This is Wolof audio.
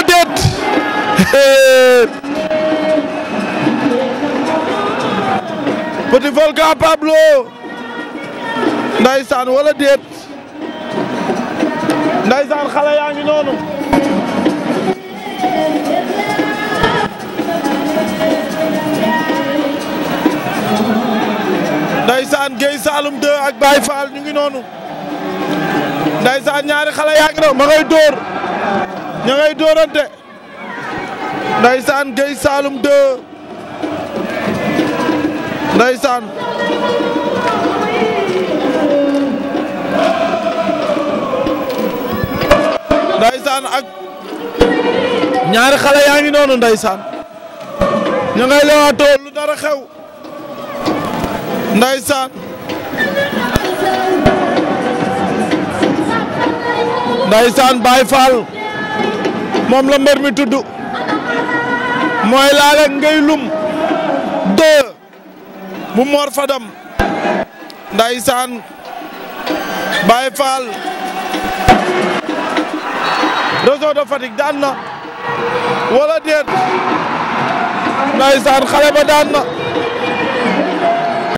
wala déet Petit Volcan Pablo ndaysaan wala déet ndaysaan xale yaa ngi noonu ndaysaan Guèye Saloum 2 ak Baye Fall ñu ngi noonu ndaysaan ñaari xale yaa ngi noonu ma ngay ña ngay dóorante ndaysaan Gueye Saloum 2 ndaysaan ndaysaan ak ñaari xale yaa noonu ndaysaan ñu ngay lewaatoo lu dara xew ndaysaan ndaysaan Baye Fall moom la mi tudd mooy laale ngay lum deux bu Mor Fadam ndaysaan Baye Fall réseau de Fatick daan na wala déet ndaysaan xale ba daan na